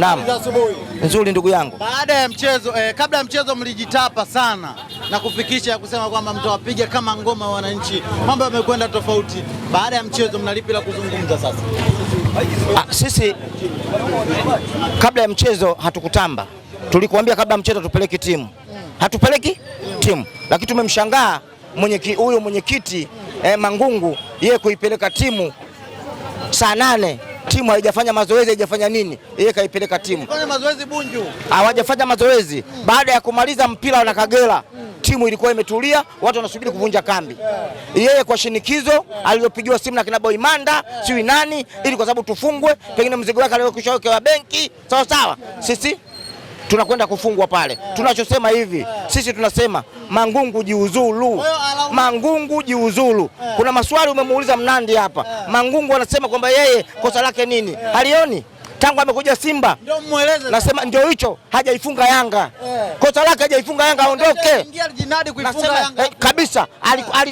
Naam. Nzuri ndugu yangu. Baada ya mchezo eh, kabla ya mchezo mlijitapa sana na kufikisha kusema kwamba mtawapiga kama ngoma ya wananchi. Mambo yamekwenda tofauti. Baada ya mchezo mnalipi la kuzungumza sasa? Ah, sisi kabla ya mchezo hatukutamba. Tulikuambia kabla ya mchezo tupeleke timu. Hatupeleki timu. Lakini tumemshangaa mwenye huyo mwenyekiti eh, Mangungu yeye kuipeleka timu saa nane timu haijafanya mazoezi, haijafanya nini, yeye kaipeleka timu mazoezi Bunju, hawajafanya mazoezi. Baada ya kumaliza mpira na Kagera timu ilikuwa imetulia, watu wanasubiri kuvunja kambi. Yeye kwa shinikizo aliyopigiwa simu na kina yeah. siwi nani, ili kwa sababu tufungwe, pengine mzigo wake aliokwisha wekewa benki, sawa sawa, sisi tunakwenda kufungwa pale. Tunachosema hivi sisi tunasema Mangungu jiuzulu, Mangungu jiuzulu. Kuna maswali umemuuliza Mnandi hapa, Mangungu anasema kwamba yeye kosa lake nini, halioni tangu amekuja Simba nasema ndio hicho, hajaifunga Yanga yeah. Kosa lake hajaifunga Yanga, aondoke. Eh, kabisa,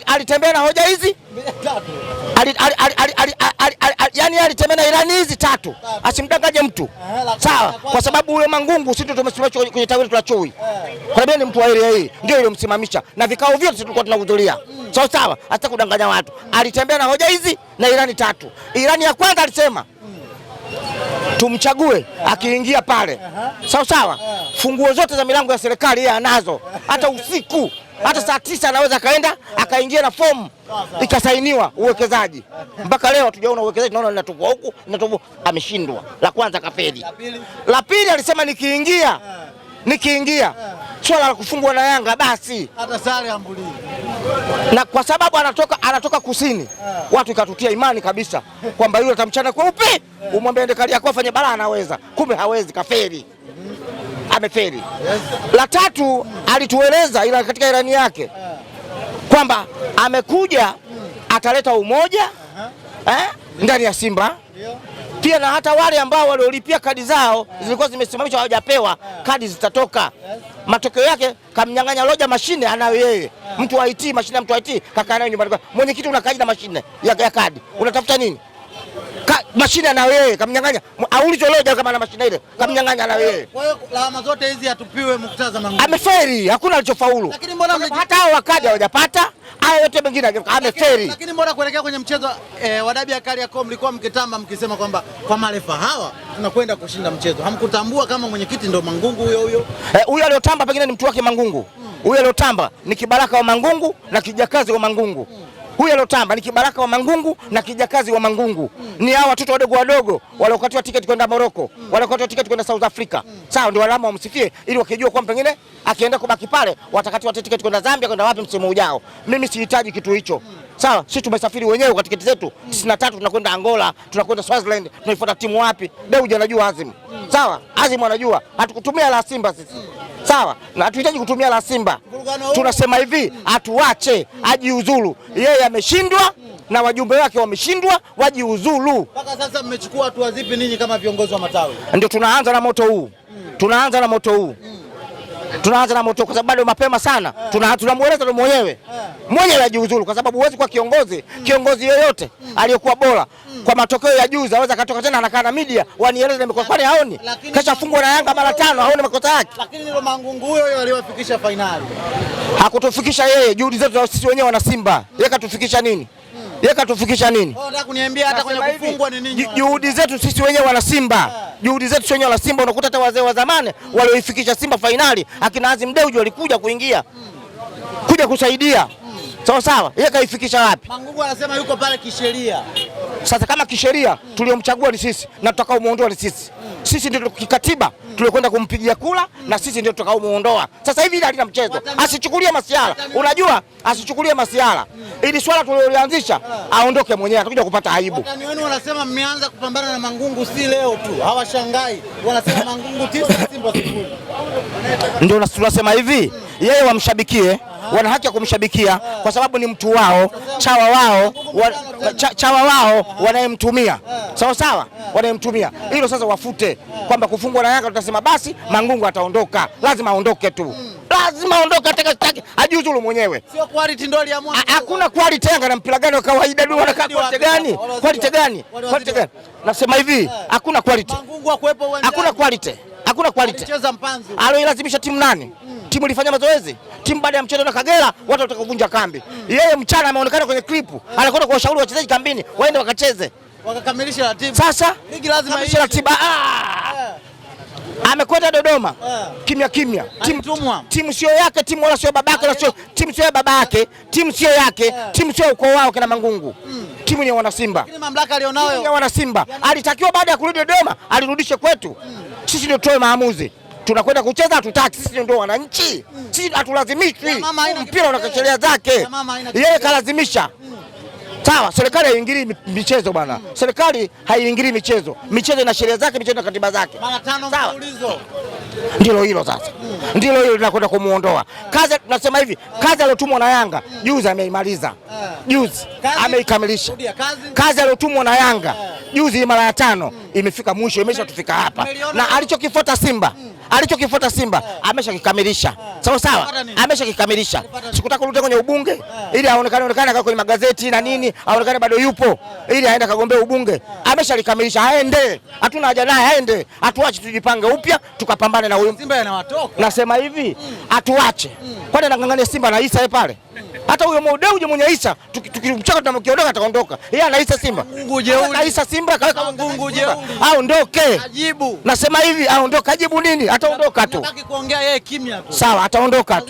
alitembea na hoja hizi yani alitembea na ilani hizi tatu, asimdanganye mtu sawa, kwa sababu huyo Mangungu sisi tumesimamisha kwenye tawi la Chui, eh. kwa sababu ni mtu wa area hii ndio msimamisha na vikao vyote tulikuwa tunahudhuria mm. sawa sawa, hata kudanganya watu. Mm. Alitembea na hoja hizi na ilani tatu. Ilani ya kwanza alisema mm. tumchague akiingia pale, sawa sawa, eh. funguo zote za milango ya serikali yeye anazo, eh. hata usiku hata saa tisa anaweza akaenda akaingia na fomu ikasainiwa uwekezaji. Mpaka leo hatujaona uwekezaji, naona linatukua huku linatukua. Ameshindwa la kwanza, kafeli. La pili alisema nikiingia eh. nikiingia eh. swala la kufungwa na Yanga basi hata sare ambulii, na kwa sababu anatoka, anatoka kusini yeah. Watu ikatutia imani kabisa kwamba yule atamchana kweupe yeah. Umwambie ndekali yako afanye balaa, anaweza kumbe hawezi, kaferi amefeli. La tatu alitueleza, ila katika ilani yake kwamba amekuja ataleta umoja eh, ndani ya Simba pia na hata wale ambao waliolipia kadi zao zilikuwa zimesimamishwa hawajapewa kadi, zitatoka. Matokeo yake kamnyang'anya Roja mashine anayo yeye, mtu wa IT mashine, mtu wa IT kaka nayo nyumbani. Mwenyekiti, una kadi na mashine ya, ya kadi, unatafuta nini? mashine na wewe kamnyang'anya, aulize leo kama na mashine ile kamnyang'anya na wewe. Kwa hiyo lawama zote hizi atupiwe mkutaza mangu. Ameferi, hakuna alichofaulu. Lakini mbona hata hao wakaja hawajapata haya yote mengine ameferi. Lakini mbona kuelekea kwenye mchezo eh, wa dabi ya Kariakoo mlikuwa mkitamba mkisema kwamba kwa marefa hawa tunakwenda kushinda mchezo, hamkutambua kama mwenyekiti ndo Mangungu huyo huyo eh, huyo eh, aliotamba pengine ni mtu wake Mangungu hmm. huyo hmm. aliotamba ni kibaraka wa Mangungu na kijakazi wa Mangungu hmm. Huyu alotamba ni kibaraka wa Mangungu na kijakazi wa Mangungu. Ni hao watoto wadogo wadogo waliokatiwa tiketi kwenda Morocco, waliokatiwa tiketi kwenda South Africa. Sawa, ndio alama wamsifie ili wakijua kwamba pengine akienda kubaki pale watakatiwa tiketi kwenda Zambia, kwenda wapi msimu ujao. Mimi sihitaji kitu hicho. Sawa, sisi tumesafiri wenyewe kwa tiketi zetu tisini na tatu mm. tunakwenda Angola, tunakwenda Swaziland, tunaifuata timu wapi? Dewji anajua Azim. Mm. Sawa, Azim anajua. Hatukutumia la Simba sisi. Sawa, na hatuhitaji kutumia la Simba. Tunasema hivi, atuache ajiuzulu. Yeye ameshindwa na wajumbe wake wameshindwa, wajiuzulu. Mpaka sasa mmechukua hatua zipi ninyi kama viongozi wa matawi? Ndio tunaanza na moto huu. Mm. Tunaanza na moto huu. Mm tunaanza na moto kwa sababu bado mapema sana, tunamweleza eh. tuna mwenyewe eh. mwenyewe ajiuzuru, kwa sababu huwezi kuwa kiongozi mm. kiongozi yoyote mm. aliyokuwa bora mm. kwa matokeo ya juzi, aweza akatoka tena anakaa na media wanieleze nimekuwa kwani haoni kasha fungwa na Yanga mara tano, haoni makosa yake. Lakini ndio mangungu huyo huyo aliyowafikisha finali, hakutufikisha yeye, juhudi zetu sisi wenyewe wana Simba, yeye eh. katufikisha nini? Yeye katufikisha nini? Nataka kuniambia hata kwenye kufungwa ni nini? Juhudi zetu sisi wenyewe wana Simba juhudi zetu wenyewe la Simba, unakuta hata wazee wa zamani walioifikisha Simba fainali akina Azim Deuji walikuja kuingia kuja kusaidia sawa sawa, yeye kaifikisha wapi? Mangungu anasema yuko pale kisheria. Sasa kama kisheria mm. tuliomchagua ni sisi na tutakaomuondoa ni sisi mm. sisi ndio kikatiba mm. tuliokwenda kumpigia kula mm. na sisi ndio tutakaomuondoa. Sasa hivi ile halina mchezo, asichukulie masiala unajua asichukulie masiara mm. ili swala tuliolianzisha yeah. aondoke mwenyewe, atakuja kupata aibu. wenu wanasema mmeanza kupambana na Mangungu si leo tu, hawashangai wanasema Mangungu tisa Simba sifuri. Ndio tunasema hivi mm. yeye wamshabikie wana haki ya kumshabikia kwa sababu ni mtu wao, chawa wao, wa, cha, chawa wao wanayemtumia sawa sawa, wanayemtumia hilo sasa wafute kwamba kufungwa na Yanga tutasema basi Mangungu ataondoka, lazima aondoke tu lazima aondoke, atake ajiuzulu mwenyewe. Sio quality ndio aliamua, hakuna quality. Yanga na mpira gani wa kawaida? Dui wanakaa kote gani? Quality gani? Quality gani? Nasema hivi, eh. hakuna quality, hakuna quality hakuna quality. Alicheza mpanzu. Aloilazimisha timu nani? Mm. Timu ilifanya mazoezi. Timu baada ya mchezo na Kagera mm. watu wataka kuvunja kambi. Mm. Yeye mchana ameonekana kwenye clip, mm. anakwenda kuwashauri wachezaji kambini, waende wakacheze. Wakakamilisha ratiba. Sasa ligi lazima ratiba. Ah! Yeah amekwenda Dodoma ah. kimya kimya, timu sio yake, timu wala sio babake, timu sio baba yake, timu sio yake, ah. timu sio ukoo wao kina Mangungu, mm. timu ni wana Simba, mamlaka alionayo ni wana Simba. Alitakiwa baada ya kurudi Dodoma alirudishe kwetu, mm. sisi ndio tutoe maamuzi tunakwenda kucheza hatutaki, sisi ndio wananchi, mm. sisi hatulazimishwi. Mpira una zake, yeye kalazimisha Sawa, serikali haiingilii michezo bwana. Serikali haiingilii michezo. Michezo ina sheria zake, michezo na katiba zake. Mara tano mfululizo. Ndilo hilo sasa, ndilo hilo linakwenda kumuondoa kazi. Tunasema hivi, kazi aliyotumwa na Yanga juzi ameimaliza, eh. juzi ameikamilisha. Kazi aliyotumwa na Yanga eh. juzi, mara ya tano imefika mwisho, imeshatufika hapa, na alichokifuata Simba hmm alichokifuata Simba eh. ameshakikamilisha, eh. sawa sawa, ameshakikamilisha. Sikutaka kurudi kwenye ubunge eh. ili aonekane onekane kwenye magazeti na nini, aonekane bado yupo, ili aende kagombea ubunge. Ameshalikamilisha, aende, hatuna haja naye, aende. Atuache tujipange upya, tukapambane na huyu Simba. Yanawatoka nasema hivi, hmm. atuache, hmm. kwani anang'ang'ania Simba na Isa pale hmm. Hata huyo Mdeuji mwenye Isa tukimchaka tunamkiondoka ataondoka. Yeye anaisa Simba. Anaisa Simba kaweka Mungu jeuri. Aondoke. Ajibu. Nasema hivi aondoke. Ajibu nini? Ataondoka tu. Nataki kuongea yeye kimya tu. Sawa, ataondoka.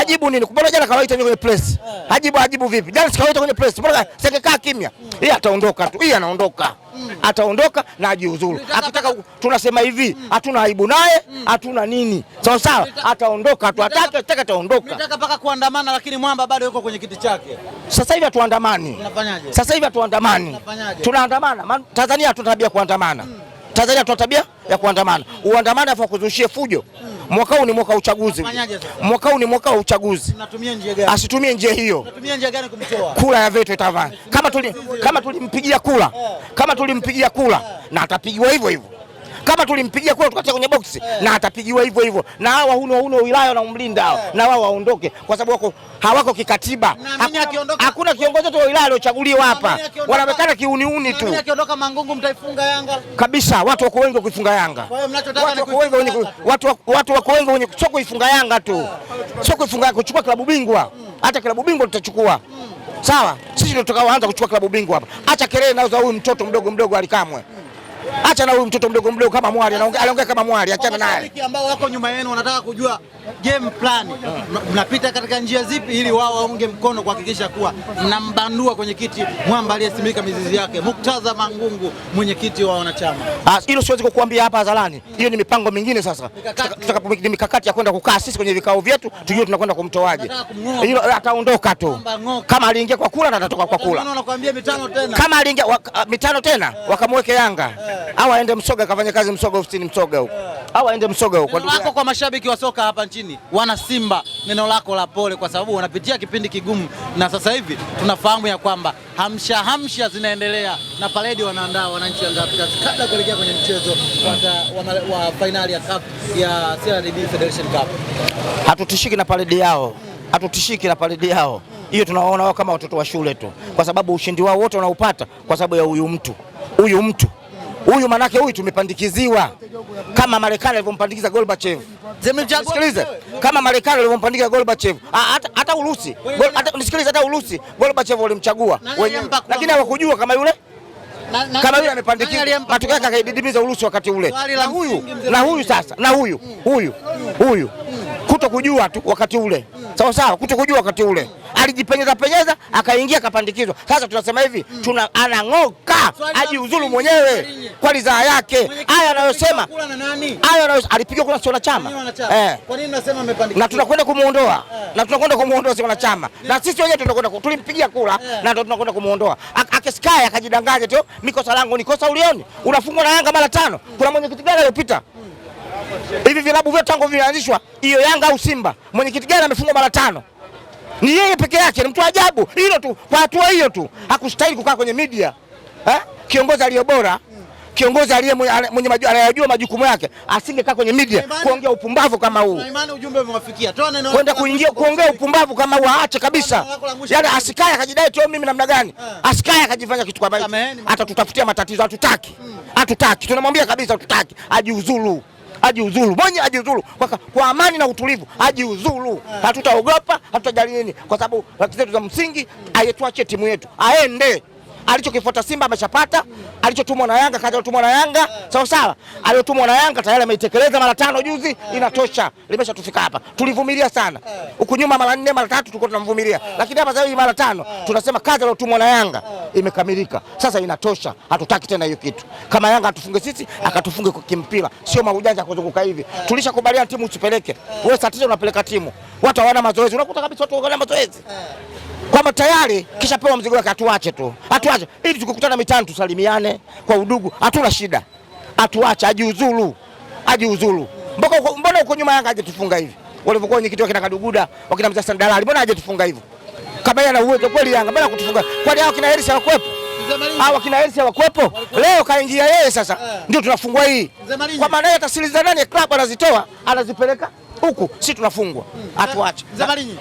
Ajibu nini? Kumbona jana kawaita kwenye press? Eh. Ajibu ajibu vipi? Jana sikawaita kwenye press. Mbona sikakaa kimya? Mm. Yeye ataondoka tu. Yeye anaondoka mm. ataondoka na ajiuzuru. Akitaka tunasema hivi, mm. hatuna mm. aibu naye, mm. hatuna mm. nini, sawa sawa, ataondoka tu, atake atake, ataondoka. Nataka paka kuandamana, lakini mwamba bado yuko kwenye kiti chake. Sasa hivi hatuandamani, sasa hivi hatuandamani, tunaandamana. Tanzania hatuna tabia kuandamana, Tanzania hatuna tabia ya kuandamana. Mm. Uandamana afu kuzushie fujo mm. Mwaka huu ni mwaka wa uchaguzi, mwaka huu ni mwaka wa uchaguzi. Asitumie njia hiyo. kula ya veto itavaa. Kama tulimpigia kula kama tulimpigia kula eh. eh. na atapigiwa hivyo hivyo kama tulimpigia kule tukacha kwenye box yeah. na atapigiwa hivyo hivyo na hawa huno huno wilaya wanamlinda hao yeah. na wao waondoke kwa sababu wako hawako kikatiba. Hakuna kiongozi wa wilaya aliochaguliwa hapa, wanaonekana kiuniuni tu. Akiondoka Mangungu, mtaifunga Yanga kabisa. Watu wako wengi kuifunga Yanga, watu wako wengi wenye sio kuifunga Yanga tu, eh. sio kuifunga kuchukua klabu bingwa. Hata klabu bingwa tutachukua hmm. sawa, sisi ndio tutakaoanza kuchukua klabu bingwa hapa. Acha kelele nazo huyu mtoto mdogo mdogo alikamwe Acha na huyu mtoto mdogo mdogo kama mwali anaongea kama mwali, achana naye. Mashabiki ambao wako nyuma yenu wanataka kujua game plan, mnapita katika njia zipi ili wao waunge mkono kuhakikisha kuwa mnambandua kwenye kiti mwamba aliyesimika mizizi yake Muktaza Mangungu, mwenyekiti wa wanachama. Ah, hilo siwezi kukuambia hapa hadharani, hiyo ni mipango mingine. Sasa ni mikakati ya kwenda kukaa sisi kwenye vikao vyetu, tujue tunakwenda kumtoaje. Hilo eh, ataondoka tu, kama aliingia kwa kula na atatoka kwa kula. Kama aliingia ah, mitano tena eh. wakamweke Yanga eh au aende Msoga kafanya kazi Msoga, ofisini Msoga huko au aende Msoga huko. Neno lako kwa mashabiki wa soka hapa nchini, wana Simba, neno lako la pole, kwa sababu wanapitia kipindi kigumu, na sasa hivi tunafahamu ya kwamba hamsha hamsha zinaendelea na paredi wanaandaa wananchi kabla kuelekea kwenye mchezo wa, wa fainali ya cup ya CRDB Federation Cup. Hatutishiki na paredi yao, hatutishiki na paredi yao hiyo tunawaona wao kama watoto wa shule tu, kwa sababu ushindi wao wote wanaupata kwa sababu ya huyu mtu, huyu mtu huyu manake huyu tumepandikiziwa kama Marekani alivyompandikiza Gorbachev. Nisikilize, kama Marekani alivyompandikiza Gorbachev, hata hata Urusi, nisikilize, hata Urusi Gorbachev walimchagua wenyewe, lakini hawakujua kama yule na, kama yule amepandikiza matokeo yake akaididimiza Urusi wakati ule na huyu, na huyu sasa na huyu huyu huyu kutokujua tu wakati ule, hmm. sawa sawa, kutokujua wakati ule alijipenyeza penyeza akaingia akapandikizwa. Sasa tunasema hivi mm. tuna anang'oka ajiuzulu mwenyewe kwa ridhaa yake. Haya anayosema haya alipiga kura sio chama eh, Kwa nini nasema amepandikizwa? na tunakwenda kumuondoa eh. na tunakwenda kumuondoa sio na wanachama, na sisi wenyewe tunakwenda tulimpigia kura na ndio tunakwenda kumuondoa. Akiskai akajidanganya tu, mikosa langu ni kosa ulioni, mm. unafungwa na Yanga mara tano. Mm. Kuna mwenyekiti gani aliyopita hivi vilabu vyote tangu vilianzishwa hiyo Yanga au Simba, mwenyekiti gani amefungwa mara tano? Ni yeye peke yake, ni mtu ajabu. Hilo tu, kwa hatua hiyo tu hakustahili kukaa kwenye media eh? Kiongozi aliyo bora, kiongozi aliye mwenye anayajua majukumu yake asingekaa kwenye media kuongea upumbavu kama huu, kwenda kuingia kuongea upumbavu kama huu, aache kabisa. Yaani asikae akajidai tu oh, mimi namna gani, eh. asikae akajifanya kitu kama hicho, atatutafutia matatizo. Hatutaki, hmm. hatutaki, tunamwambia kabisa hatutaki, ajiuzulu ajiuzuru, mwenye ajiuzuru kwa, kwa amani na utulivu ajiuzuru. Eh. Hatutaogopa, hatutajali nini, kwa sababu haki zetu za msingi, ayetuache timu yetu aende alichokifuata Simba ameshapata, alichotumwa na Yanga kaja katumwa na Yanga sawa sawa, aliyotumwa na Yanga tayari ameitekeleza mara tano juzi, inatosha, limeshatufika hapa. Tulivumilia sana huku nyuma, mara nne mara tatu tulikuwa tunamvumilia, lakini hapa sasa mara tano tunasema kazi aliyotumwa na Yanga imekamilika, sasa inatosha, hatutaki tena hiyo kitu. Kama Yanga atufunge sisi, akatufunge kwa kimpira, sio maujanja kuzunguka hivi. Tulishakubaliana timu usipeleke wewe, satisha unapeleka timu, watu hawana mazoezi, unakuta kabisa watu hawana mazoezi kwamba tayari kishapewa mzigo wake, atuache tu, atuache ili tukikutana mitaani tusalimiane kwa udugu, hatuna shida, atuache ajiuzulu, ajiuzulu. Mbona huko nyuma Yanga ajetufunga hivi walivyokuwa wenyekiti wakina Kaduguda wakina Mzasa Dalali, mbona ajetufunga hivyo? Kama yeye ana uwezo kweli, Yanga mbona kutufunga? Kwani hao kina Hersi hawakuwepo? Hao wakina Hersi hawakuwepo? Leo kaingia yeye, sasa eh. ndio tunafungwa hii. Kwa maana yeye tasiri za nani klabu anazitoa anazipeleka huku si tunafungwa, hmm. hatuache eh, Zabarini.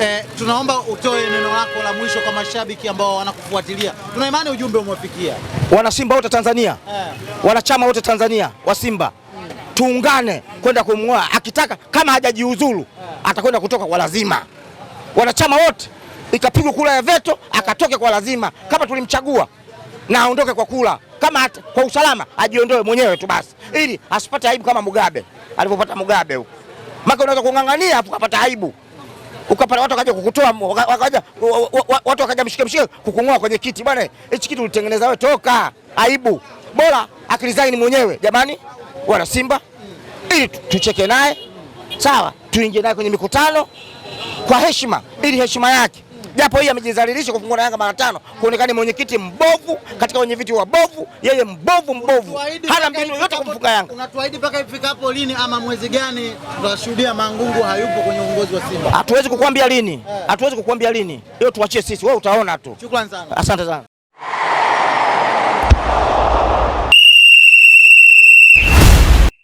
Eh, tunaomba utoe neno lako la mwisho kwa mashabiki ambao wanakufuatilia. Tuna imani ujumbe umewafikia Simba wote Tanzania eh, wanachama wote Tanzania wa Simba hmm, tuungane kwenda kumng'oa, akitaka kama hajajiuzulu eh, atakwenda kutoka kwa lazima. Wanachama wote ikapigwa kura ya veto eh, akatoke kwa lazima eh, kama tulimchagua na aondoke kwa kula kama at, kwa usalama ajiondoe mwenyewe tu basi, hmm. ili asipate aibu kama Mugabe alivyopata Mugabe huko. Maka unaweza kung'ang'ania hapo ukapata aibu. Ukapata watu wakaja kukutoa wakaja watu wakaja mshike mshike kukung'oa kwenye kiti bwana. Hichi kitu ulitengeneza wewe toka. Aibu. Bora akili mwenyewe. Jamani, wana Simba ili tucheke naye. Sawa, tuingie naye kwenye mikutano kwa heshima ili heshima yake japo yeye amejizalilisha kufungua na Yanga mara tano, kuonekana mwenyekiti mbovu katika wenye viti wa bovu, yeye mbovu mbovu, hana mbinu yote kumfunga Yanga. Unatuahidi mpaka ifika hapo lini ama mwezi gani tunashuhudia Mangungu hayupo kwenye uongozi wa Simba? Hatuwezi kukwambia lini, eh. hatuwezi kukwambia lini, hiyo tuachie sisi, wewe utaona tu. Shukrani sana, asante sana.